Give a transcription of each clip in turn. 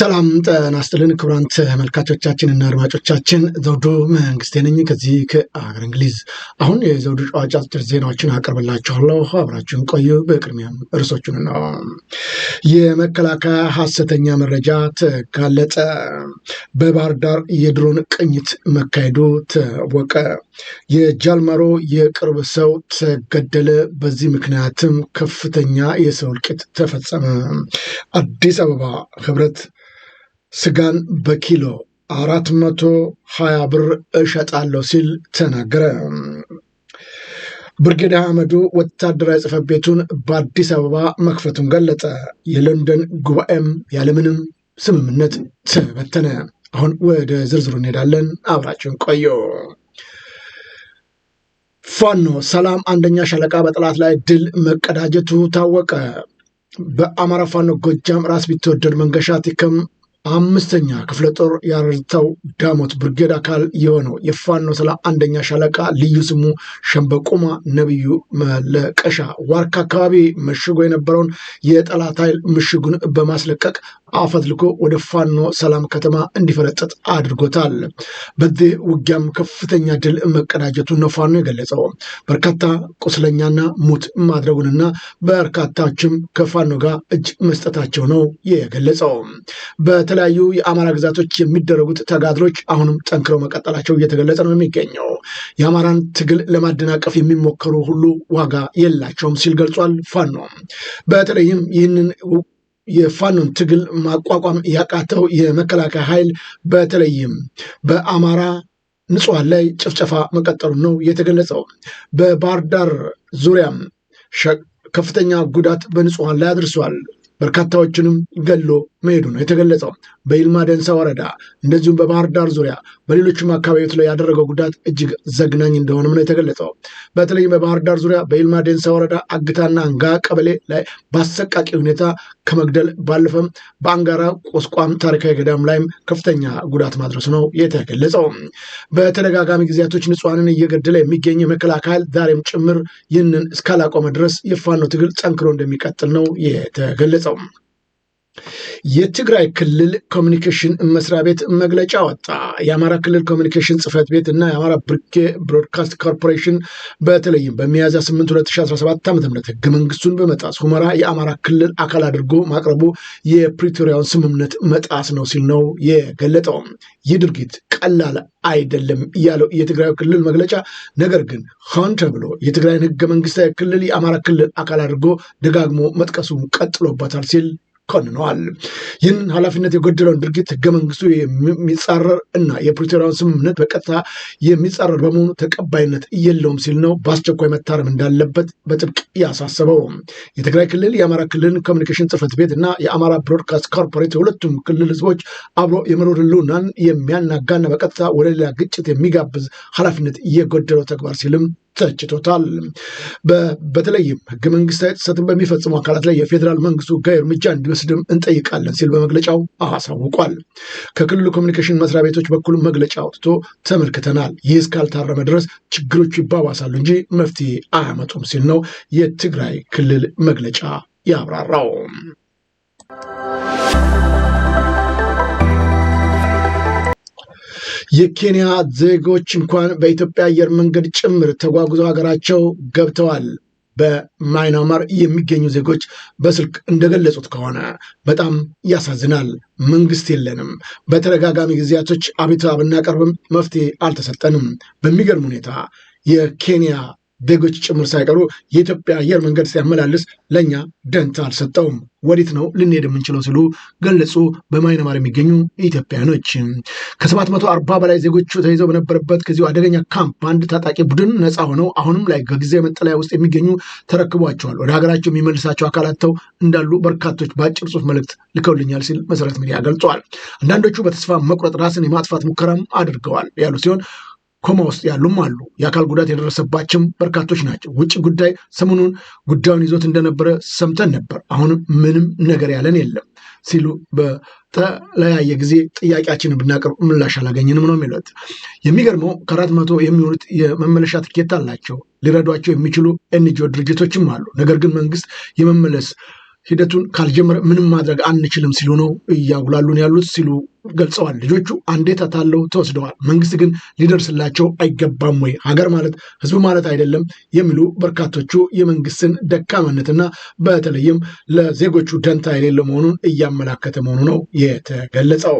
ሰላም ጤና ይስጥልን ክቡራን ተመልካቾቻችንና አድማጮቻችን ዘውዱ መንግስቴ ነኝ ከዚህ ከአገር እንግሊዝ። አሁን የዘውዱ ጨዋጭ አጭር ዜናዎችን አቀርብላችኋለሁ፣ አብራችሁን ቆዩ። በቅድሚያም እርሶቹን ነው። የመከላከያ ሀሰተኛ መረጃ ተጋለጠ። በባህር ዳር የድሮን ቅኝት መካሄዱ ታወቀ። የጃልመሮ የቅርብ ሰው ተገደለ። በዚህ ምክንያትም ከፍተኛ የሰው እልቂት ተፈጸመ። አዲስ አበባ ህብረት ስጋን በኪሎ 420 ብር እሸጣለሁ ሲል ተናገረ። ብርጌዳ አህመዱ ወታደራዊ ጽህፈት ቤቱን በአዲስ አበባ መክፈቱን ገለጸ። የለንደን ጉባኤም ያለምንም ስምምነት ተበተነ። አሁን ወደ ዝርዝሩ እንሄዳለን። አብራችን ቆዩ። ፋኖ ሰላም አንደኛ ሻለቃ በጠላት ላይ ድል መቀዳጀቱ ታወቀ። በአማራ ፋኖ ጎጃም ራስ ቢትወደድ መንገሻ ቲከም አምስተኛ ክፍለ ጦር ያረታው ዳሞት ብርጌድ አካል የሆነው የፋኖ ስለ አንደኛ ሻለቃ ልዩ ስሙ ሸምበቆማ ነብዩ መለቀሻ ዋርካ አካባቢ ምሽጎ የነበረውን የጠላት ኃይል ምሽጉን በማስለቀቅ አፈትልኮ ወደ ፋኖ ሰላም ከተማ እንዲፈረጠጥ አድርጎታል። በዚህ ውጊያም ከፍተኛ ድል መቀዳጀቱን ነው ፋኖ የገለጸው። በርካታ ቁስለኛና ሙት ማድረጉንና በርካታችም ከፋኖ ጋር እጅ መስጠታቸው ነው የገለጸው። በተለያዩ የአማራ ግዛቶች የሚደረጉት ተጋድሎች አሁንም ጠንክረው መቀጠላቸው እየተገለጸ ነው የሚገኘው። የአማራን ትግል ለማደናቀፍ የሚሞከሩ ሁሉ ዋጋ የላቸውም ሲል ገልጿል ፋኖ። በተለይም ይህንን የፋኖን ትግል ማቋቋም ያቃተው የመከላከያ ኃይል በተለይም በአማራ ንጹሐን ላይ ጭፍጨፋ መቀጠሉን ነው የተገለጸው። በባህር ዳር ዙሪያም ከፍተኛ ጉዳት በንጹሐን ላይ አድርሷል። በርካታዎችንም ገሎ መሄዱ ነው የተገለጸው። በይልማ ደንሳ ወረዳ እንደዚሁም በባህር ዳር ዙሪያ በሌሎችም አካባቢዎች ላይ ያደረገው ጉዳት እጅግ ዘግናኝ እንደሆነም ነው የተገለጸው። በተለይም በባህር ዳር ዙሪያ በይልማ ደንሳ ወረዳ አግታና አንጋ ቀበሌ ላይ በአሰቃቂ ሁኔታ ከመግደል ባለፈም በአንጋራ ቆስቋም ታሪካዊ ገዳም ላይም ከፍተኛ ጉዳት ማድረሱ ነው የተገለጸው። በተደጋጋሚ ጊዜያቶች ንጹሐንን እየገደለ የሚገኝ የመከላከል ዛሬም ጭምር ይህንን እስካላቆመ ድረስ የፋኖ ትግል ጠንክሮ እንደሚቀጥል ነው የተገለጸው። የትግራይ ክልል ኮሚኒኬሽን መስሪያ ቤት መግለጫ ወጣ። የአማራ ክልል ኮሚኒኬሽን ጽህፈት ቤት እና የአማራ ብርጌ ብሮድካስት ኮርፖሬሽን በተለይም በሚያዝያ 8 2017 ዓ ም ህገ መንግስቱን በመጣስ ሁመራ የአማራ ክልል አካል አድርጎ ማቅረቡ የፕሪቶሪያውን ስምምነት መጣስ ነው ሲል ነው የገለጠው። ይህ ድርጊት ቀላል አይደለም ያለው የትግራይ ክልል መግለጫ፣ ነገር ግን ሆን ተብሎ የትግራይን ህገ መንግስታዊ ክልል የአማራ ክልል አካል አድርጎ ደጋግሞ መጥቀሱን ቀጥሎበታል ሲል ኮንነዋል። ይህን ኃላፊነት የጎደለውን ድርጊት ህገ መንግስቱ የሚጻረር እና የፕሪቶሪያውን ስምምነት በቀጥታ የሚጻረር በመሆኑ ተቀባይነት የለውም ሲል ነው በአስቸኳይ መታረም እንዳለበት በጥብቅ ያሳሰበው። የትግራይ ክልል፣ የአማራ ክልል ኮሚኒኬሽን ጽህፈት ቤት እና የአማራ ብሮድካስት ኮርፖሬት የሁለቱም ክልል ህዝቦች አብሮ የመኖር ህልውናን የሚያናጋና በቀጥታ ወደ ሌላ ግጭት የሚጋብዝ ኃላፊነት የጎደለው ተግባር ሲልም ተችቶታል። በተለይም ህገ መንግስታዊ ጥሰትን በሚፈጽሙ አካላት ላይ የፌዴራል መንግስቱ ህጋዊ እርምጃ እንዲወስድም እንጠይቃለን ሲል በመግለጫው አሳውቋል። ከክልሉ ኮሚኒኬሽን መስሪያ ቤቶች በኩል መግለጫ አውጥቶ ተመልክተናል። ይህ እስካልታረመ ድረስ ችግሮቹ ይባባሳሉ እንጂ መፍትሄ አያመጡም ሲል ነው የትግራይ ክልል መግለጫ ያብራራው። የኬንያ ዜጎች እንኳን በኢትዮጵያ አየር መንገድ ጭምር ተጓጉዘው ሀገራቸው ገብተዋል። በማይናማር የሚገኙ ዜጎች በስልክ እንደገለጹት ከሆነ በጣም ያሳዝናል። መንግስት የለንም። በተደጋጋሚ ጊዜያቶች አቤቱታ ብናቀርብም መፍትሄ አልተሰጠንም። በሚገርም ሁኔታ የኬንያ ዜጎች ጭምር ሳይቀሩ የኢትዮጵያ አየር መንገድ ሲያመላልስ ለእኛ ደንታ አልሰጠውም። ወዴት ነው ልንሄድ የምንችለው ሲሉ ገለጹ። በማይነማር የሚገኙ ኢትዮጵያኖች ከ740 በላይ ዜጎቹ ተይዘው በነበረበት ከዚሁ አደገኛ ካምፕ በአንድ ታጣቂ ቡድን ነፃ ሆነው አሁንም ላይ ከጊዜ መጠለያ ውስጥ የሚገኙ ተረክቧቸዋል። ወደ ሀገራቸው የሚመልሳቸው አካላት ተው እንዳሉ በርካቶች በአጭር ጽሁፍ መልእክት ልከውልኛል ሲል መሰረት ሚዲያ ገልጿል። አንዳንዶቹ በተስፋ መቁረጥ ራስን የማጥፋት ሙከራም አድርገዋል ያሉ ሲሆን ኮማ ውስጥ ያሉም አሉ። የአካል ጉዳት የደረሰባቸውም በርካቶች ናቸው። ውጭ ጉዳይ ሰሞኑን ጉዳዩን ይዞት እንደነበረ ሰምተን ነበር። አሁንም ምንም ነገር ያለን የለም ሲሉ በተለያየ ጊዜ ጥያቄያችንን ብናቀርብ ምላሽ አላገኘንም ነው የሚሉት። የሚገርመው ከአራት መቶ የሚሆኑት የመመለሻ ትኬት አላቸው። ሊረዷቸው የሚችሉ ኤንጂኦ ድርጅቶችም አሉ። ነገር ግን መንግስት የመመለስ ሂደቱን ካልጀመረ ምንም ማድረግ አንችልም ሲሉ ነው እያጉላሉን ያሉት ሲሉ ገልጸዋል። ልጆቹ አንዴ ተታለው ተወስደዋል። መንግስት ግን ሊደርስላቸው አይገባም ወይ? ሀገር ማለት ህዝብ ማለት አይደለም የሚሉ በርካቶቹ የመንግስትን ደካማነትና በተለይም ለዜጎቹ ደንታ የሌለው መሆኑን እያመላከተ መሆኑ ነው የተገለጸው።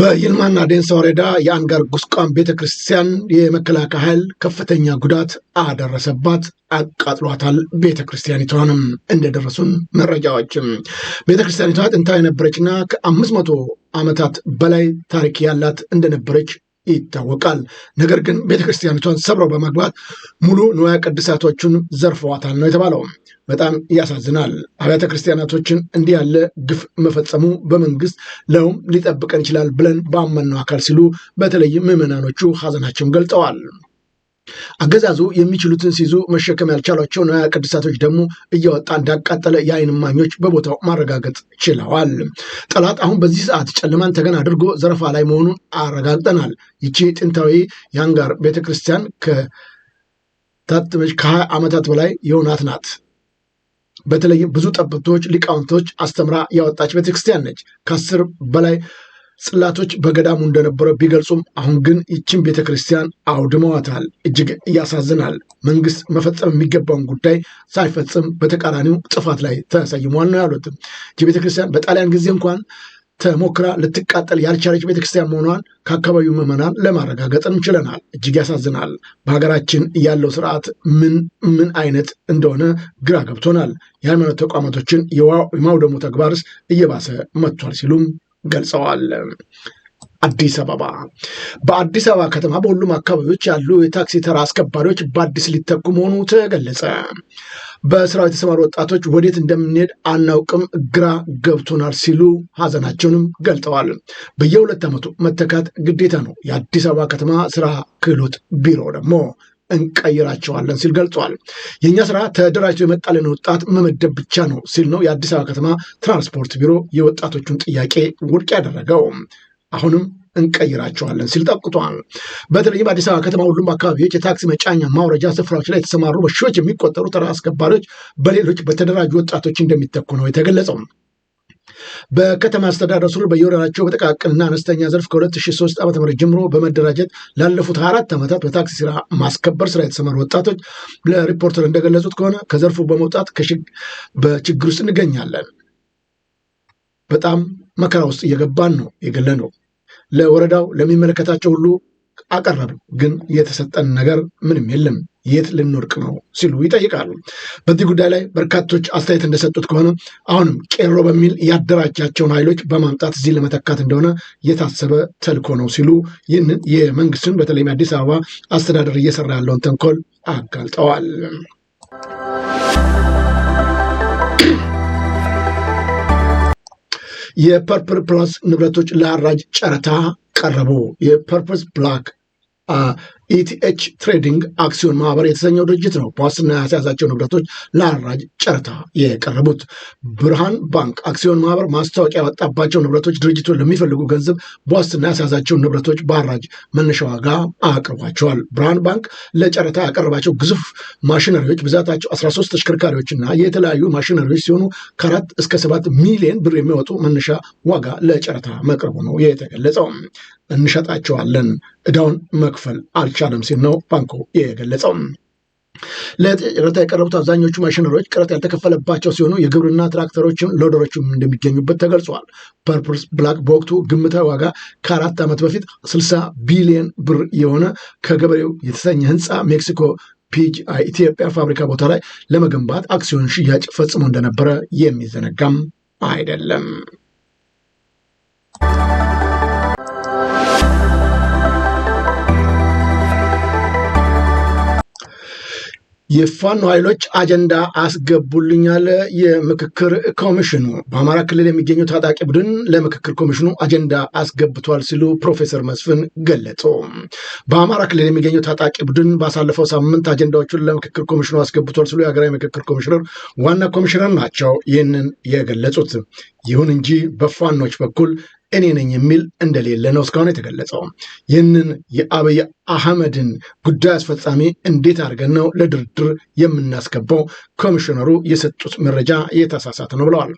በይልማና ዴንሳ ወረዳ የአንጋር ጉስቋም ቤተ ክርስቲያን የመከላከያ ኃይል ከፍተኛ ጉዳት አደረሰባት፣ አቃጥሏታል ቤተ ክርስቲያኒቷንም። እንደደረሱን መረጃዎችም ቤተ ክርስቲያኒቷ ጥንታ የነበረችና ከአምስት መቶ ዓመታት በላይ ታሪክ ያላት እንደነበረች ይታወቃል። ነገር ግን ቤተ ክርስቲያኒቷን ሰብረው በመግባት ሙሉ ንዋያ ቅድሳቶቹን ዘርፈዋታል ነው የተባለው። በጣም ያሳዝናል። አብያተ ክርስቲያናቶችን እንዲህ ያለ ግፍ መፈጸሙ በመንግስት ለውም ሊጠብቀን ይችላል ብለን ባመነው አካል ሲሉ በተለይም ምዕመናኖቹ ሀዘናቸውን ገልጠዋል። አገዛዙ የሚችሉትን ሲይዙ መሸከም ያልቻሏቸው ንዋየ ቅድሳቶች ደግሞ እያወጣ እንዳቃጠለ የአይን እማኞች በቦታው ማረጋገጥ ችለዋል። ጠላት አሁን በዚህ ሰዓት ጨለማን ተገን አድርጎ ዘረፋ ላይ መሆኑን አረጋግጠናል። ይቺ ጥንታዊ የአንጋር ቤተክርስቲያን ከታተመች ከሀያ ዓመታት በላይ የሆናት ናት። በተለይም ብዙ ጠበብቶች፣ ሊቃውንቶች አስተምራ ያወጣች ቤተክርስቲያን ነች። ከአስር በላይ ጽላቶች በገዳሙ እንደነበረ ቢገልጹም አሁን ግን ይችን ቤተ ክርስቲያን አውድመዋታል። እጅግ ያሳዝናል። መንግስት መፈጸም የሚገባውን ጉዳይ ሳይፈጽም በተቃራኒው ጥፋት ላይ ተሰይሟል ነው ያሉትም። ይህ ቤተ ክርስቲያን በጣሊያን ጊዜ እንኳን ተሞክራ ልትቃጠል ያልቻለች ቤተክርስቲያን መሆኗን ከአካባቢው ምዕመናን ለማረጋገጥም ችለናል። እጅግ ያሳዝናል። በሀገራችን ያለው ስርዓት ምን ምን አይነት እንደሆነ ግራ ገብቶናል። የሃይማኖት ተቋማቶችን የማውደሙ ተግባርስ እየባሰ መጥቷል ሲሉም ገልጸዋል። አዲስ አበባ በአዲስ አበባ ከተማ በሁሉም አካባቢዎች ያሉ የታክሲ ተራ አስከባሪዎች በአዲስ ሊተኩ መሆኑ ተገለጸ። በስራው የተሰማሩ ወጣቶች ወዴት እንደምንሄድ አናውቅም፣ ግራ ገብቶናል ሲሉ ሀዘናቸውንም ገልጠዋል። በየሁለት ዓመቱ መተካት ግዴታ ነው። የአዲስ አበባ ከተማ ስራ ክህሎት ቢሮ ደግሞ እንቀይራቸዋለን ሲል ገልጿል። የእኛ ስራ ተደራጅቶ የመጣልን ወጣት መመደብ ብቻ ነው ሲል ነው የአዲስ አበባ ከተማ ትራንስፖርት ቢሮ የወጣቶቹን ጥያቄ ውድቅ ያደረገው። አሁንም እንቀይራቸዋለን ሲል ጠብቅቷል። በተለይም በአዲስ አበባ ከተማ ሁሉም አካባቢዎች የታክሲ መጫኛ ማውረጃ ስፍራዎች ላይ የተሰማሩ በሺዎች የሚቆጠሩ ተራ አስከባሪዎች በሌሎች በተደራጁ ወጣቶች እንደሚተኩ ነው የተገለጸው። በከተማ አስተዳደር ስር በየወረዳቸው በጥቃቅንና አነስተኛ ዘርፍ ከ2003 ዓ.ም ጀምሮ በመደራጀት ላለፉት አራት ዓመታት በታክሲ ስራ ማስከበር ስራ የተሰማሩ ወጣቶች ለሪፖርተር እንደገለጹት ከሆነ ከዘርፉ በመውጣት በችግር ውስጥ እንገኛለን። በጣም መከራ ውስጥ እየገባን ነው የገለ ነው ለወረዳው ለሚመለከታቸው ሁሉ አቀረብ ግን የተሰጠን ነገር ምንም የለም። የት ልንወድቅ ነው ሲሉ ይጠይቃሉ። በዚህ ጉዳይ ላይ በርካቶች አስተያየት እንደሰጡት ከሆነ አሁንም ቄሮ በሚል ያደራጃቸውን ኃይሎች በማምጣት እዚህ ለመተካት እንደሆነ የታሰበ ተልኮ ነው ሲሉ ይህንን የመንግስትን በተለይም አዲስ አበባ አስተዳደር እየሰራ ያለውን ተንኮል አጋልጠዋል። የፐርፕል ፕላስ ንብረቶች ለአራጅ ጨረታ ቀረቡ። የፐርፕስ ፕላክ ኢቲኤች ትሬዲንግ አክሲዮን ማህበር የተሰኘው ድርጅት ነው በዋስትና ያስያዛቸው ንብረቶች ለአራጅ ጨረታ የቀረቡት። ብርሃን ባንክ አክሲዮን ማህበር ማስታወቂያ ያወጣባቸው ንብረቶች ድርጅቱን ለሚፈልጉ ገንዘብ በዋስትና ያስያዛቸው ንብረቶች በአራጅ መነሻ ዋጋ አቅርቧቸዋል። ብርሃን ባንክ ለጨረታ ያቀረባቸው ግዙፍ ማሽነሪዎች ብዛታቸው 13 ተሽከርካሪዎችና የተለያዩ ማሽነሪዎች ሲሆኑ ከአራት እስከ ሰባት ሚሊዮን ብር የሚወጡ መነሻ ዋጋ ለጨረታ መቅረቡ ነው የተገለጸው። እንሸጣቸዋለን፣ እዳውን መክፈል አልቻለም ሲል ነው ባንኩ የገለጸው። ለጨረታ የቀረቡት አብዛኞቹ ማሽነሪዎች ቅረት ያልተከፈለባቸው ሲሆኑ የግብርና ትራክተሮችም ሎደሮችም እንደሚገኙበት ተገልጿል። ፐርፕልስ ብላክ በወቅቱ ግምታዊ ዋጋ ከአራት ዓመት በፊት 60 ቢሊዮን ብር የሆነ ከገበሬው የተሰኘ ህንፃ ሜክሲኮ ፒጂአይ ኢትዮጵያ ፋብሪካ ቦታ ላይ ለመገንባት አክሲዮን ሽያጭ ፈጽሞ እንደነበረ የሚዘነጋም አይደለም። የፋኖ ኃይሎች አጀንዳ አስገቡልኛል። የምክክር ኮሚሽኑ በአማራ ክልል የሚገኘው ታጣቂ ቡድን ለምክክር ኮሚሽኑ አጀንዳ አስገብቷል ሲሉ ፕሮፌሰር መስፍን ገለጹ። በአማራ ክልል የሚገኘው ታጣቂ ቡድን ባሳለፈው ሳምንት አጀንዳዎቹን ለምክክር ኮሚሽኑ አስገብቷል ሲሉ የሀገራዊ ምክክር ኮሚሽነር ዋና ኮሚሽነር ናቸው ይህንን የገለጹት። ይሁን እንጂ በፋኖች በኩል እኔ ነኝ የሚል እንደሌለ ነው እስካሁን የተገለጸው። ይህንን የአብይ አህመድን ጉዳይ አስፈጻሚ እንዴት አድርገን ነው ለድርድር የምናስገባው? ኮሚሽነሩ የሰጡት መረጃ የተሳሳተ ነው ብለዋል።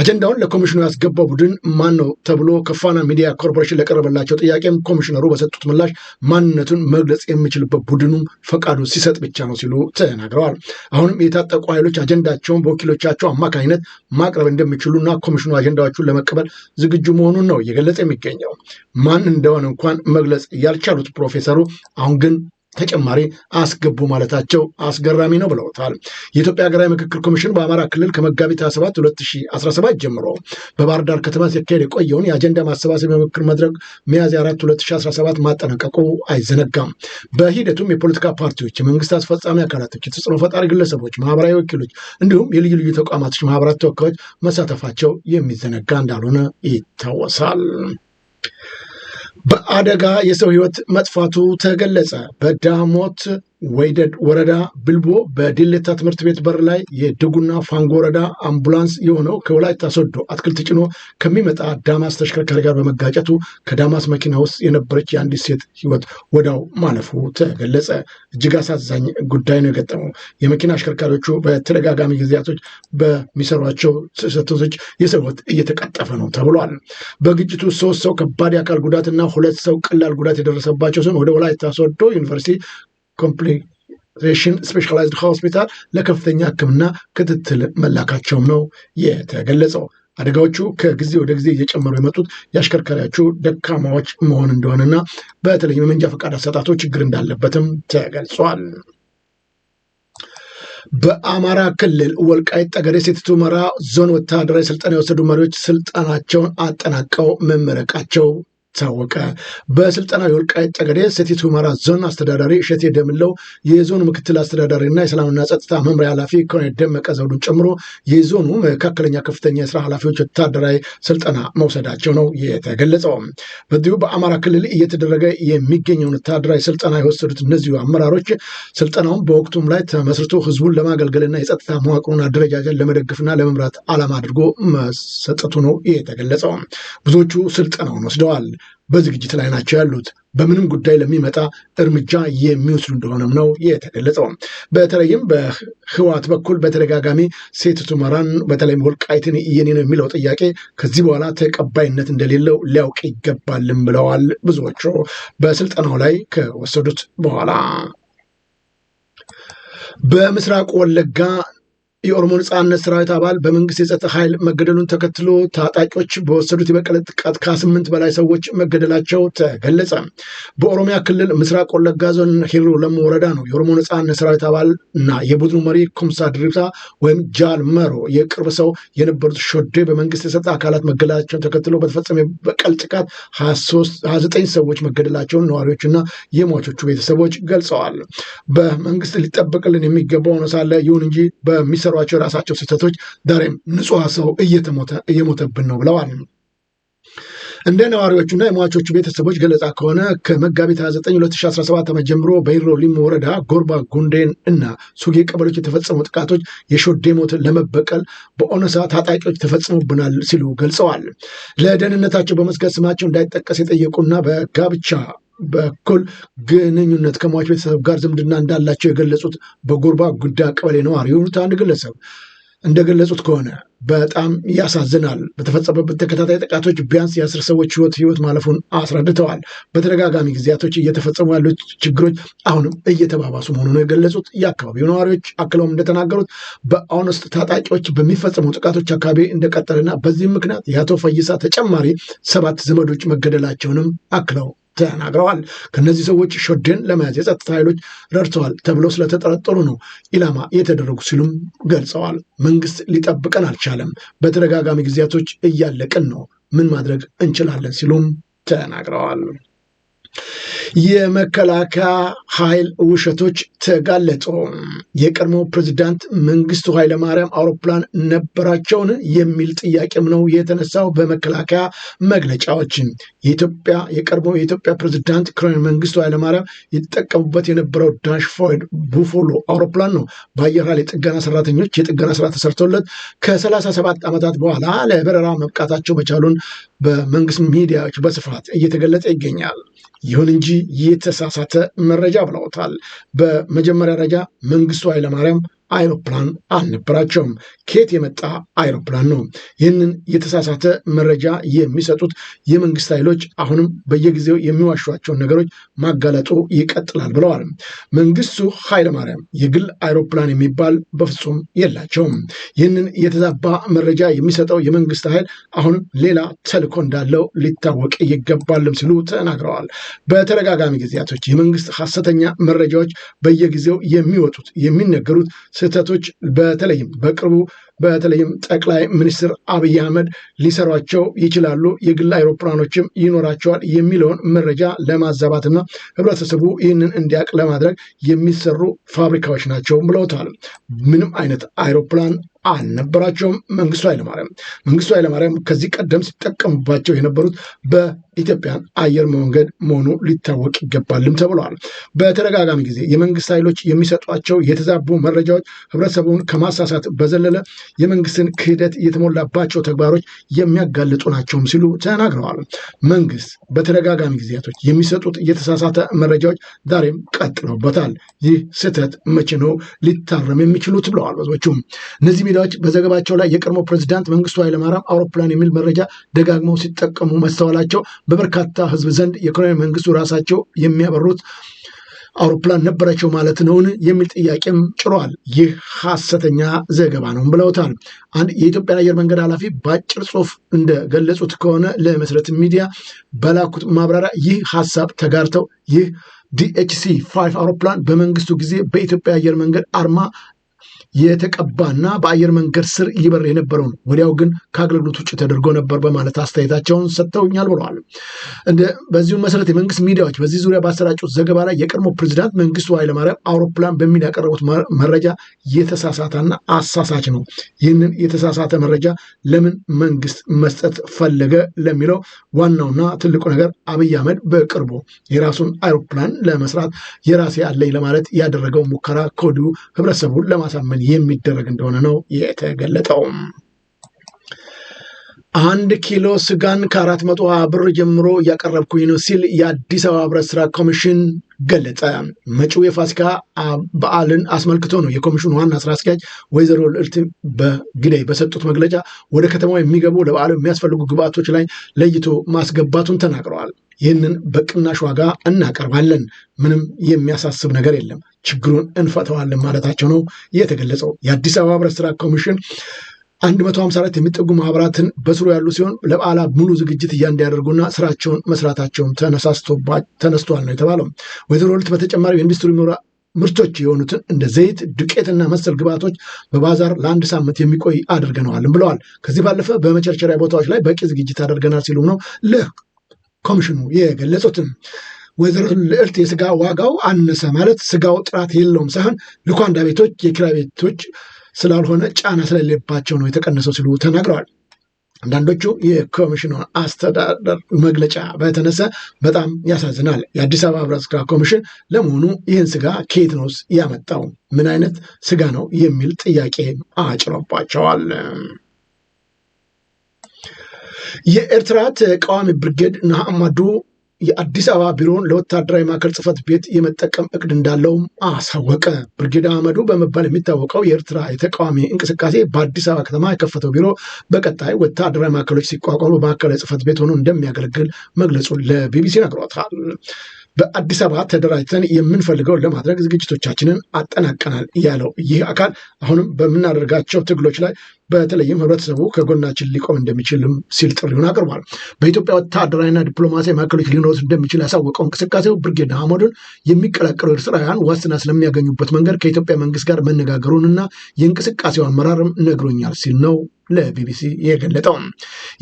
አጀንዳውን ለኮሚሽኑ ያስገባው ቡድን ማን ነው ተብሎ ከፋና ሚዲያ ኮርፖሬሽን ለቀረበላቸው ጥያቄም ኮሚሽነሩ በሰጡት ምላሽ ማንነቱን መግለጽ የሚችልበት ቡድኑም ፈቃዱ ሲሰጥ ብቻ ነው ሲሉ ተናግረዋል። አሁንም የታጠቁ ኃይሎች አጀንዳቸውን በወኪሎቻቸው አማካኝነት ማቅረብ እንደሚችሉና ኮሚሽኑ አጀንዳዎቹን ለመቀበል ዝግጁ መሆኑን ነው እየገለጸ የሚገኘው። ማን እንደሆነ እንኳን መግለጽ ያልቻሉት ፕሮፌሰሩ አሁን ግን ተጨማሪ አስገቡ ማለታቸው አስገራሚ ነው ብለውታል። የኢትዮጵያ ሀገራዊ ምክክር ኮሚሽን በአማራ ክልል ከመጋቢት 27 2017 ጀምሮ በባህር ዳር ከተማ ሲካሄድ የቆየውን የአጀንዳ ማሰባሰብ የምክክር መድረክ ሚያዝያ 4 2017 ማጠናቀቁ አይዘነጋም። በሂደቱም የፖለቲካ ፓርቲዎች፣ የመንግስት አስፈጻሚ አካላቶች፣ የተጽዕኖ ፈጣሪ ግለሰቦች፣ ማህበራዊ ወኪሎች እንዲሁም የልዩ ልዩ ተቋማቶች ማህበራት ተወካዮች መሳተፋቸው የሚዘነጋ እንዳልሆነ ይታወሳል። በአደጋ የሰው ህይወት መጥፋቱ ተገለጸ። በዳሞት ወይደድ ወረዳ ብልቦ በድሌታ ትምህርት ቤት በር ላይ የድጉና ፋንጎ ወረዳ አምቡላንስ የሆነው ከወላይታ ሶዶ አትክልት ጭኖ ከሚመጣ ዳማስ ተሽከርካሪ ጋር በመጋጨቱ ከዳማስ መኪና ውስጥ የነበረች የአንዲት ሴት ሕይወት ወዳው ማለፉ ተገለጸ። እጅግ አሳዛኝ ጉዳይ ነው የገጠመው። የመኪና አሽከርካሪዎቹ በተደጋጋሚ ጊዜያቶች በሚሰሯቸው ስህተቶች የሰው ሕይወት እየተቀጠፈ ነው ተብሏል። በግጭቱ ሶስት ሰው ከባድ የአካል ጉዳትና ሁለት ሰው ቀላል ጉዳት የደረሰባቸው ሲሆን ወደ ወላይታ ሶዶ ዩኒቨርሲቲ ኮምፕሊኬሽን ስፔሻላይዝድ ሆስፒታል ለከፍተኛ ሕክምና ክትትል መላካቸውም ነው የተገለጸው። አደጋዎቹ ከጊዜ ወደ ጊዜ እየጨመሩ የመጡት የአሽከርካሪያቹ ደካማዎች መሆን እንደሆነና በተለይም የመንጃ ፈቃድ አሰጣቶ ችግር እንዳለበትም ተገልጿል። በአማራ ክልል ወልቃይት ጠገዴ ሰቲት ሁመራ ዞን ወታደራዊ ስልጠና የወሰዱ መሪዎች ስልጠናቸውን አጠናቀው መመረቃቸው ታወቀ። በስልጠና የወልቃይት ጠገዴ ሰቲት ሁመራ ዞን አስተዳዳሪ እሸቴ ደምለው የዞኑ ምክትል አስተዳዳሪና የሰላምና ጸጥታ መምሪያ ኃላፊ ኮሎኔል ደመቀ ዘውዱን ጨምሮ የዞኑ መካከለኛ ከፍተኛ የስራ ኃላፊዎች ወታደራዊ ስልጠና መውሰዳቸው ነው የተገለጸው። በዚሁ በአማራ ክልል እየተደረገ የሚገኘውን ወታደራዊ ስልጠና የወሰዱት እነዚሁ አመራሮች ስልጠናውን በወቅቱም ላይ ተመስርቶ ህዝቡን ለማገልገልና የጸጥታ መዋቅሩን አደረጃጀን ለመደገፍና ለመምራት አላማ አድርጎ መሰጠቱ ነው የተገለጸው። ብዙዎቹ ስልጠናውን ወስደዋል። በዝግጅት ላይ ናቸው ያሉት። በምንም ጉዳይ ለሚመጣ እርምጃ የሚወስዱ እንደሆነም ነው የተገለጸው። በተለይም በህወሓት በኩል በተደጋጋሚ ሴት ሁመራን በተለይም ወልቃይትን የኔ ነው የሚለው ጥያቄ ከዚህ በኋላ ተቀባይነት እንደሌለው ሊያውቅ ይገባልም ብለዋል። ብዙዎቹ በስልጠናው ላይ ከወሰዱት በኋላ በምስራቅ ወለጋ የኦሮሞ ነጻነት ሰራዊት አባል በመንግስት የጸጥታ ኃይል መገደሉን ተከትሎ ታጣቂዎች በወሰዱት የበቀለ ጥቃት ከስምንት በላይ ሰዎች መገደላቸው ተገለጸ። በኦሮሚያ ክልል ምስራቅ ወለጋ ዞን ሂሩ ለሙ ወረዳ ነው የኦሮሞ ነጻነት ሰራዊት አባል እና የቡድኑ መሪ ኩምሳ ድሪብሳ ወይም ጃል መሮ የቅርብ ሰው የነበሩት ሾዴ በመንግስት የጸጥታ አካላት መገደላቸውን ተከትሎ በተፈጸመ የበቀል ጥቃት ሀያ ዘጠኝ ሰዎች መገደላቸውን እና የሟቾቹ ቤተሰቦች ገልጸዋል። በመንግስት ሊጠበቅልን የሚገባው ሆኖ ሳለ ይሁን እንጂ በሚሰሩ በሚሰሯቸው የራሳቸው ስህተቶች ዛሬም ንጹሐ ሰው እየሞተብን ነው ብለዋል። እንደ ነዋሪዎቹና የሟቾቹ ቤተሰቦች ገለጻ ከሆነ ከመጋቢት 29 2017 ጀምሮ በሂሮ ሊም ወረዳ ጎርባ ጉንዴን እና ሱጌ ቀበሎች የተፈጸሙ ጥቃቶች የሾዴ ሞትን ለመበቀል በኦነሳ ታጣቂዎች ተፈጽሞብናል ሲሉ ገልጸዋል። ለደህንነታቸው በመስገድ ስማቸው እንዳይጠቀስ የጠየቁና በጋብቻ በኩል ግንኙነት ከሟች ቤተሰብ ጋር ዝምድና እንዳላቸው የገለጹት በጎርባ ጉዳ ቀበሌ ነዋሪ የሆኑት አንድ ግለሰብ እንደገለጹት ከሆነ በጣም ያሳዝናል። በተፈጸመበት ተከታታይ ጥቃቶች ቢያንስ የአስር ሰዎች ህይወት ህይወት ማለፉን አስረድተዋል። በተደጋጋሚ ጊዜያቶች እየተፈጸሙ ያሉት ችግሮች አሁንም እየተባባሱ ነው የገለጹት የአካባቢው ነዋሪዎች አክለውም እንደተናገሩት በአውነስት ታጣቂዎች በሚፈጸሙ ጥቃቶች አካባቢ እንደቀጠለና በዚህም ምክንያት የአቶ ፈይሳ ተጨማሪ ሰባት ዘመዶች መገደላቸውንም አክለው ተናግረዋል። ከእነዚህ ሰዎች ሾዴን ለመያዝ የጸጥታ ኃይሎች ረድተዋል ተብለው ስለተጠረጠሩ ነው ኢላማ የተደረጉ ሲሉም ገልጸዋል። መንግስት ሊጠብቀን አልቻለም። በተደጋጋሚ ጊዜያቶች እያለቅን ነው። ምን ማድረግ እንችላለን ሲሉም ተናግረዋል። የመከላከያ ኃይል ውሸቶች ተጋለጡ። የቀድሞ ፕሬዚዳንት መንግስቱ ኃይለማርያም አውሮፕላን ነበራቸውን የሚል ጥያቄም ነው የተነሳው በመከላከያ መግለጫዎች። የኢትዮጵያ የቀድሞ የኢትዮጵያ ፕሬዚዳንት ኮሎኔል መንግስቱ ኃይለማርያም ይጠቀሙበት የነበረው ዳሽፎይድ ቡፎሎ አውሮፕላን ነው በአየር ኃይል የጥገና ሰራተኞች የጥገና ስራ ተሰርቶለት ከ37 ዓመታት በኋላ ለበረራ መብቃታቸው መቻሉን በመንግስት ሚዲያዎች በስፋት እየተገለጸ ይገኛል። ይሁን እንጂ የተሳሳተ መረጃ ብለውታል። በመጀመሪያ ደረጃ መንግስቱ ኃይለማርያም አይሮፕላን አልነበራቸውም። ከየት የመጣ አይሮፕላን ነው? ይህንን የተሳሳተ መረጃ የሚሰጡት የመንግስት ኃይሎች አሁንም በየጊዜው የሚዋሿቸውን ነገሮች ማጋለጡ ይቀጥላል ብለዋል። መንግስቱ ኃይለማርያም የግል አይሮፕላን የሚባል በፍጹም የላቸውም። ይህንን የተዛባ መረጃ የሚሰጠው የመንግስት ኃይል አሁንም ሌላ ተልእኮ እንዳለው ሊታወቅ ይገባልም ሲሉ ተናግረዋል። በተደጋጋሚ ጊዜያቶች የመንግስት ሀሰተኛ መረጃዎች በየጊዜው የሚወጡት የሚነገሩት ስህተቶች በተለይም በቅርቡ በተለይም ጠቅላይ ሚኒስትር አብይ አህመድ ሊሰሯቸው ይችላሉ፣ የግል አይሮፕላኖችም ይኖራቸዋል የሚለውን መረጃ ለማዛባትና ህብረተሰቡ ይህንን እንዲያውቅ ለማድረግ የሚሰሩ ፋብሪካዎች ናቸው ብለውታል። ምንም አይነት አይሮፕላን አልነበራቸውም። መንግስቱ ኃይለማርያም መንግስቱ ኃይለማርያም ከዚህ ቀደም ሲጠቀሙባቸው የነበሩት በኢትዮጵያን አየር መንገድ መሆኑ ሊታወቅ ይገባልም ተብለዋል። በተደጋጋሚ ጊዜ የመንግስት ኃይሎች የሚሰጧቸው የተዛቡ መረጃዎች ህብረተሰቡን ከማሳሳት በዘለለ የመንግስትን ክህደት የተሞላባቸው ተግባሮች የሚያጋልጡ ናቸውም ሲሉ ተናግረዋል። መንግስት በተደጋጋሚ ጊዜያቶች የሚሰጡት የተሳሳተ መረጃዎች ዛሬም ቀጥለውበታል። ይህ ስህተት መቼ ነው ሊታረም የሚችሉት? ብለዋል ብዙዎቹም እነዚህ ሚዲያዎች በዘገባቸው ላይ የቀድሞ ፕሬዚዳንት መንግስቱ ኃይለማርያም አውሮፕላን የሚል መረጃ ደጋግመው ሲጠቀሙ መስተዋላቸው በበርካታ ህዝብ ዘንድ የኮሎኔል መንግስቱ ራሳቸው የሚያበሩት አውሮፕላን ነበራቸው ማለት ነውን? የሚል ጥያቄም ጭሯል። ይህ ሀሰተኛ ዘገባ ነው ብለውታል። አንድ የኢትዮጵያ አየር መንገድ ኃላፊ በአጭር ጽሁፍ እንደገለጹት ከሆነ ለመሰረት ሚዲያ በላኩት ማብራሪያ ይህ ሀሳብ ተጋርተው ይህ ዲኤችሲ ፋይቭ አውሮፕላን በመንግስቱ ጊዜ በኢትዮጵያ አየር መንገድ አርማ የተቀባና በአየር መንገድ ስር ይበር የነበረውን ወዲያው ግን ከአገልግሎት ውጭ ተደርጎ ነበር በማለት አስተያየታቸውን ሰጥተውኛል ብለዋል። በዚሁ መሰረት የመንግስት ሚዲያዎች በዚህ ዙሪያ ባሰራጩት ዘገባ ላይ የቀድሞ ፕሬዚዳንት መንግስቱ ኃይለማርያም አውሮፕላን በሚል ያቀረቡት መረጃ የተሳሳተና አሳሳች ነው። ይህንን የተሳሳተ መረጃ ለምን መንግስት መስጠት ፈለገ ለሚለው ዋናውና ትልቁ ነገር አብይ አህመድ በቅርቡ የራሱን አውሮፕላን ለመስራት የራሴ አለኝ ለማለት ያደረገው ሙከራ ከወዲሁ ህብረተሰቡን ለማሳመን ለማመን የሚደረግ እንደሆነ ነው የተገለጠው። አንድ ኪሎ ስጋን ከአራት መቶ ብር ጀምሮ እያቀረብኩኝ ነው ሲል የአዲስ አበባ ህብረት ስራ ኮሚሽን ገለጸ። መጪው የፋሲካ በዓልን አስመልክቶ ነው የኮሚሽኑ ዋና ስራ አስኪያጅ ወይዘሮ ልዕልት በግዳይ በሰጡት መግለጫ ወደ ከተማው የሚገቡ ለበዓሉ የሚያስፈልጉ ግብአቶች ላይ ለይቶ ማስገባቱን ተናግረዋል። ይህንን በቅናሽ ዋጋ እናቀርባለን፣ ምንም የሚያሳስብ ነገር የለም፣ ችግሩን እንፈተዋለን ማለታቸው ነው የተገለጸው። የአዲስ አበባ ህብረት ስራ ኮሚሽን 154 የሚጠጉ ማህበራትን በስሩ ያሉ ሲሆን ለበዓላ ሙሉ ዝግጅት እያንዳያደርጉና ስራቸውን መስራታቸውም ተነስቷል ነው የተባለው። ወይዘሮ ልት በተጨማሪ የኢንዱስትሪ ምርቶች የሆኑትን እንደ ዘይት፣ ዱቄትና መሰል ግብዓቶች በባዛር ለአንድ ሳምንት የሚቆይ አድርገነዋልም ብለዋል። ከዚህ ባለፈ በመቸርቸሪያ ቦታዎች ላይ በቂ ዝግጅት አድርገናል ሲሉም ነው ኮሚሽኑ የገለጹትም። ወይዘሮ ልዕልት የስጋ ዋጋው አነሰ ማለት ስጋው ጥራት የለውም ሳይሆን ልኳንዳ ቤቶች የኪራይ ቤቶች ስላልሆነ ጫና ስለሌባቸው ነው የተቀነሰው ሲሉ ተናግረዋል። አንዳንዶቹ የኮሚሽኑ አስተዳደር መግለጫ በተነሰ በጣም ያሳዝናል። የአዲስ አበባ ህብረት ስጋ ኮሚሽን ለመሆኑ ይህን ስጋ ከየት ነው ያመጣው? ምን አይነት ስጋ ነው የሚል ጥያቄ አጭሮባቸዋል። የኤርትራ ተቃዋሚ ብርጌድ ናአማዱ የአዲስ አበባ ቢሮን ለወታደራዊ ማዕከል ጽህፈት ቤት የመጠቀም እቅድ እንዳለውም አሳወቀ። ብርጌድ አህመዱ በመባል የሚታወቀው የኤርትራ የተቃዋሚ እንቅስቃሴ በአዲስ አበባ ከተማ የከፈተው ቢሮ በቀጣይ ወታደራዊ ማዕከሎች ሲቋቋሙ ማዕከላዊ ጽህፈት ቤት ሆኖ እንደሚያገለግል መግለጹን ለቢቢሲ ነግሯታል። በአዲስ አበባ ተደራጅተን የምንፈልገውን ለማድረግ ዝግጅቶቻችንን አጠናቀናል ያለው ይህ አካል አሁንም በምናደርጋቸው ትግሎች ላይ በተለይም ህብረተሰቡ ከጎናችን ሊቆም እንደሚችልም ሲል ጥሪውን አቅርቧል። በኢትዮጵያ ወታደራዊና ዲፕሎማሲያዊ ማዕከሎች ሊኖሩት እንደሚችል ያሳወቀው እንቅስቃሴው ብርጌድ ሐመዱን የሚቀላቀሉ ኤርትራውያን ዋስትና ስለሚያገኙበት መንገድ ከኢትዮጵያ መንግስት ጋር መነጋገሩንና የእንቅስቃሴው አመራርም ነግሮኛል ሲል ነው ለቢቢሲ የገለጠው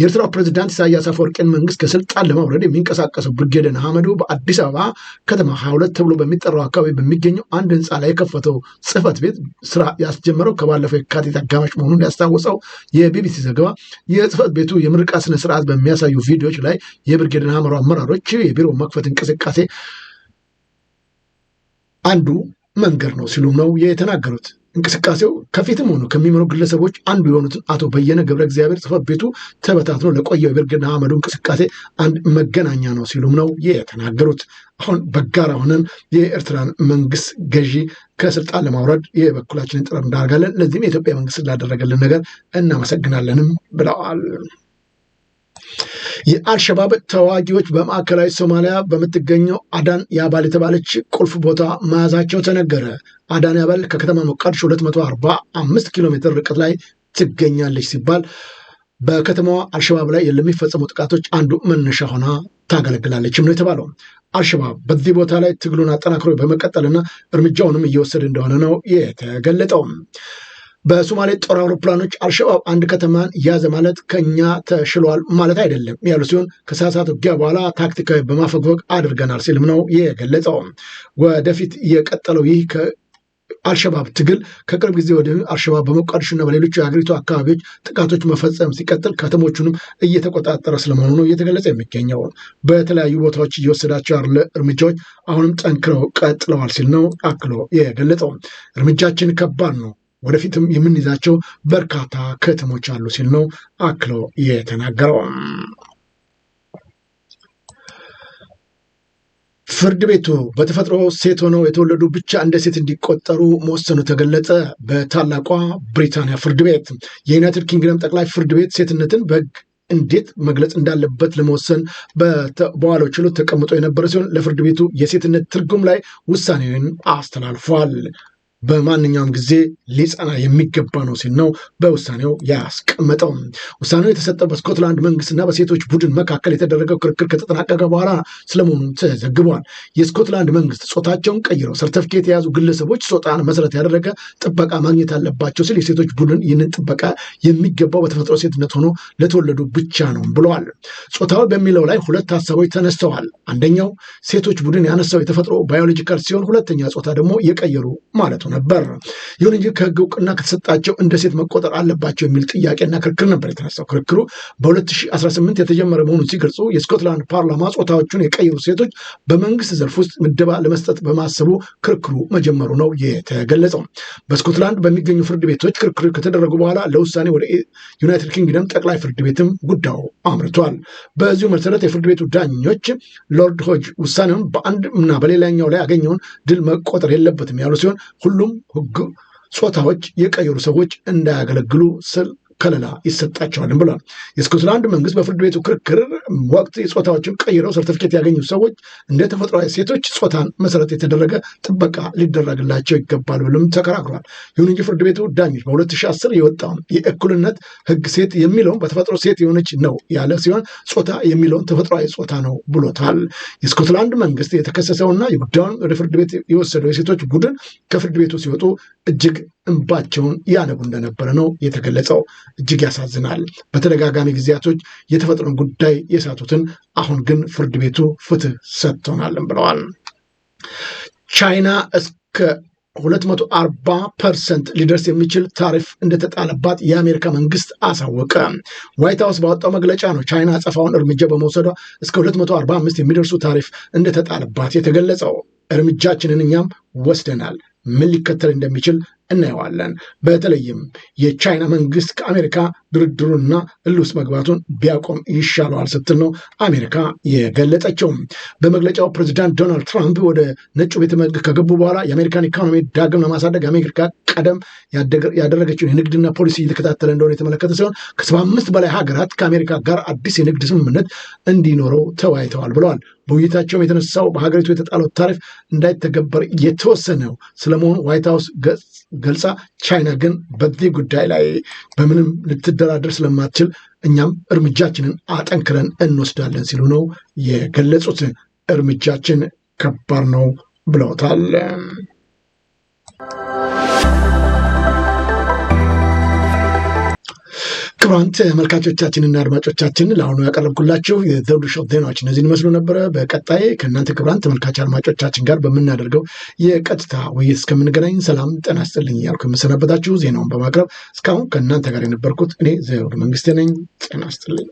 የኤርትራ ፕሬዚዳንት ኢሳያስ አፈወርቂን መንግስት ከስልጣን ለማውረድ የሚንቀሳቀሰው ብርጌደን ሐመዱ በአዲስ አበባ ከተማ ሀያ ሁለት ተብሎ በሚጠራው አካባቢ በሚገኘው አንድ ህንፃ ላይ የከፈተው ጽህፈት ቤት ስራ ያስጀመረው ከባለፈው የካቲት አጋማሽ መሆኑን ያስታወ እንዳስታወቀው የቢቢሲ ዘገባ የጽህፈት ቤቱ የምርቃ ስነስርዓት በሚያሳዩ ቪዲዮዎች ላይ የብርጌድና መሮ አመራሮች የቢሮ መክፈት እንቅስቃሴ አንዱ መንገድ ነው ሲሉም ነው የተናገሩት። እንቅስቃሴው ከፊትም ሆኑ ከሚመሩ ግለሰቦች አንዱ የሆኑትን አቶ በየነ ገብረ እግዚአብሔር ጽሕፈት ቤቱ ተበታትኖ ለቆየው የብርግና አመዱ እንቅስቃሴ አንድ መገናኛ ነው ሲሉም ነው የተናገሩት። አሁን በጋራ ሆነን የኤርትራን መንግስት ገዢ ከስልጣን ለማውረድ የበኩላችንን ጥረት እንዳደርጋለን። ለዚህም የኢትዮጵያ መንግስት ላደረገልን ነገር እናመሰግናለንም ብለዋል። የአልሸባብ ተዋጊዎች በማዕከላዊ ሶማሊያ በምትገኘው አዳን ያባል የተባለች ቁልፍ ቦታ መያዛቸው ተነገረ። አዳን ያባል ከከተማ ሞቃዲሾ 245 ኪሎ ሜትር ርቀት ላይ ትገኛለች ሲባል በከተማዋ አልሸባብ ላይ ለሚፈጸሙ ጥቃቶች አንዱ መነሻ ሆና ታገለግላለችም ነው የተባለው። አልሸባብ በዚህ ቦታ ላይ ትግሉን አጠናክሮ በመቀጠልና እርምጃውንም እየወሰደ እንደሆነ ነው የተገለጠው። በሶማሌ ጦር አውሮፕላኖች አልሸባብ አንድ ከተማን ያዘ ማለት ከኛ ተሽሏል ማለት አይደለም ያሉ ሲሆን ከሳሳት ውጊያ በኋላ ታክቲካዊ በማፈግፈግ አድርገናል ሲልም ነው የገለጸው። ወደፊት የቀጠለው ይህ አልሸባብ ትግል ከቅርብ ጊዜ ወደ አልሸባብ በሞቃዲሾና በሌሎች የሀገሪቱ አካባቢዎች ጥቃቶች መፈጸም ሲቀጥል ከተሞቹንም እየተቆጣጠረ ስለመሆኑ ነው እየተገለጸ የሚገኘው። በተለያዩ ቦታዎች እየወሰዳቸው ያለ እርምጃዎች አሁንም ጠንክረው ቀጥለዋል ሲል ነው አክሎ የገለጸው። እርምጃችን ከባድ ነው ወደፊትም የምንይዛቸው በርካታ ከተሞች አሉ ሲል ነው አክሎ የተናገረው። ፍርድ ቤቱ በተፈጥሮ ሴት ሆነው የተወለዱ ብቻ እንደ ሴት እንዲቆጠሩ መወሰኑ ተገለጸ። በታላቋ ብሪታንያ ፍርድ ቤት የዩናይትድ ኪንግደም ጠቅላይ ፍርድ ቤት ሴትነትን በሕግ እንዴት መግለጽ እንዳለበት ለመወሰን በዋለው ችሎት ተቀምጦ የነበረ ሲሆን ለፍርድ ቤቱ የሴትነት ትርጉም ላይ ውሳኔውን አስተላልፏል። በማንኛውም ጊዜ ሊጸና የሚገባ ነው ሲል ነው በውሳኔው ያስቀመጠው። ውሳኔው የተሰጠው በስኮትላንድ መንግስትና በሴቶች ቡድን መካከል የተደረገው ክርክር ከተጠናቀቀ በኋላ ስለመሆኑ ተዘግቧል። የስኮትላንድ መንግስት ጾታቸውን ቀይረው ሰርተፍኬት የያዙ ግለሰቦች ጾታን መሰረት ያደረገ ጥበቃ ማግኘት አለባቸው ሲል የሴቶች ቡድን ይህንን ጥበቃ የሚገባው በተፈጥሮ ሴትነት ሆኖ ለተወለዱ ብቻ ነው ብለዋል። ጾታዊ በሚለው ላይ ሁለት ሀሳቦች ተነስተዋል። አንደኛው ሴቶች ቡድን ያነሳው የተፈጥሮ ባዮሎጂካል ሲሆን፣ ሁለተኛ ጾታ ደግሞ የቀየሩ ማለት ነው ነበር። ይሁን እንጂ ከህግ እውቅና ከተሰጣቸው እንደ ሴት መቆጠር አለባቸው የሚል ጥያቄና ክርክር ነበር የተነሳው። ክርክሩ በ2018 የተጀመረ መሆኑን ሲገልጹ የስኮትላንድ ፓርላማ ጾታዎቹን የቀየሩ ሴቶች በመንግስት ዘርፍ ውስጥ ምደባ ለመስጠት በማሰቡ ክርክሩ መጀመሩ ነው የተገለጸው። በስኮትላንድ በሚገኙ ፍርድ ቤቶች ክርክሩ ከተደረጉ በኋላ ለውሳኔ ወደ ዩናይትድ ኪንግደም ጠቅላይ ፍርድ ቤትም ጉዳዩ አምርቷል። በዚሁ መሰረት የፍርድ ቤቱ ዳኞች ሎርድ ሆጅ ውሳኔውን በአንድ እና በሌላኛው ላይ ያገኘውን ድል መቆጠር የለበትም ያሉ ሲሆን ሁሉ ሁሉም ጾታዎች የቀየሩ ሰዎች እንዳያገለግሉ ስል ከለላ ይሰጣቸዋልም ብሏል። የስኮትላንድ መንግስት በፍርድ ቤቱ ክርክር ወቅት ጾታዎችን ቀይረው ሰርተፍኬት ያገኙ ሰዎች እንደ ተፈጥሯዊ ሴቶች ጾታን መሰረት የተደረገ ጥበቃ ሊደረግላቸው ይገባል ብሎም ተከራክሯል። ይሁን እንጂ ፍርድ ቤቱ ዳኞች በ2010 የወጣውን የእኩልነት ህግ ሴት የሚለውን በተፈጥሮ ሴት የሆነች ነው ያለ ሲሆን ጾታ የሚለውን ተፈጥሯዊ ጾታ ነው ብሎታል። የስኮትላንድ መንግስት የተከሰሰውና የጉዳዩን ወደ ፍርድ ቤት የወሰደው የሴቶች ቡድን ከፍርድ ቤቱ ሲወጡ እጅግ እንባቸውን ያነቡ እንደነበረ ነው የተገለጸው። እጅግ ያሳዝናል። በተደጋጋሚ ጊዜያቶች የተፈጥሮን ጉዳይ የሳቱትን አሁን ግን ፍርድ ቤቱ ፍትህ ሰጥቶናልን ብለዋል። ቻይና እስከ 240 ፐርሰንት ሊደርስ የሚችል ታሪፍ እንደተጣለባት የአሜሪካ መንግስት አሳወቀ። ዋይት ሀውስ ባወጣው መግለጫ ነው ቻይና አጸፋውን እርምጃ በመውሰዷ እስከ 245 የሚደርሱ ታሪፍ እንደተጣለባት የተገለጸው። እርምጃችንን እኛም ወስደናል። ምን ሊከተል እንደሚችል እናየዋለን። በተለይም የቻይና መንግስት ከአሜሪካ ድርድሩና እልውስ መግባቱን ቢያቆም ይሻለዋል ስትል ነው አሜሪካ የገለጸችው። በመግለጫው ፕሬዚዳንት ዶናልድ ትራምፕ ወደ ነጩ ቤተ መንግስት ከገቡ በኋላ የአሜሪካን ኢኮኖሚ ዳግም ለማሳደግ አሜሪካ ቀደም ያደረገችውን የንግድና ፖሊሲ እየተከታተለ እንደሆነ የተመለከተ ሲሆን ከሰባ አምስት በላይ ሀገራት ከአሜሪካ ጋር አዲስ የንግድ ስምምነት እንዲኖረው ተወያይተዋል ብለዋል። በውይይታቸውም የተነሳው በሀገሪቱ የተጣለው ታሪፍ እንዳይተገበር የተወሰነው ስለመሆኑ ዋይት ሀውስ ገልጻ፣ ቻይና ግን በዚህ ጉዳይ ላይ በምንም ልትደራደር ስለማትችል እኛም እርምጃችንን አጠንክረን እንወስዳለን ሲሉ ነው የገለጹት። እርምጃችን ከባድ ነው ብለውታል። ክቡራን ተመልካቾቻችንና አድማጮቻችን ለአሁኑ ያቀረብኩላችሁ የዘውዱ ሾው ዜናዎች እነዚህን ይመስሉ ነበረ። በቀጣይ ከእናንተ ክቡራን ተመልካች አድማጮቻችን ጋር በምናደርገው የቀጥታ ውይይት እስከምንገናኝ ሰላም ጤና ይስጥልኝ እያልኩ የምሰናበታችሁ ዜናውን በማቅረብ እስካሁን ከእናንተ ጋር የነበርኩት እኔ ዘውዱ መንግስት ነኝ። ጤና ይስጥልኝ።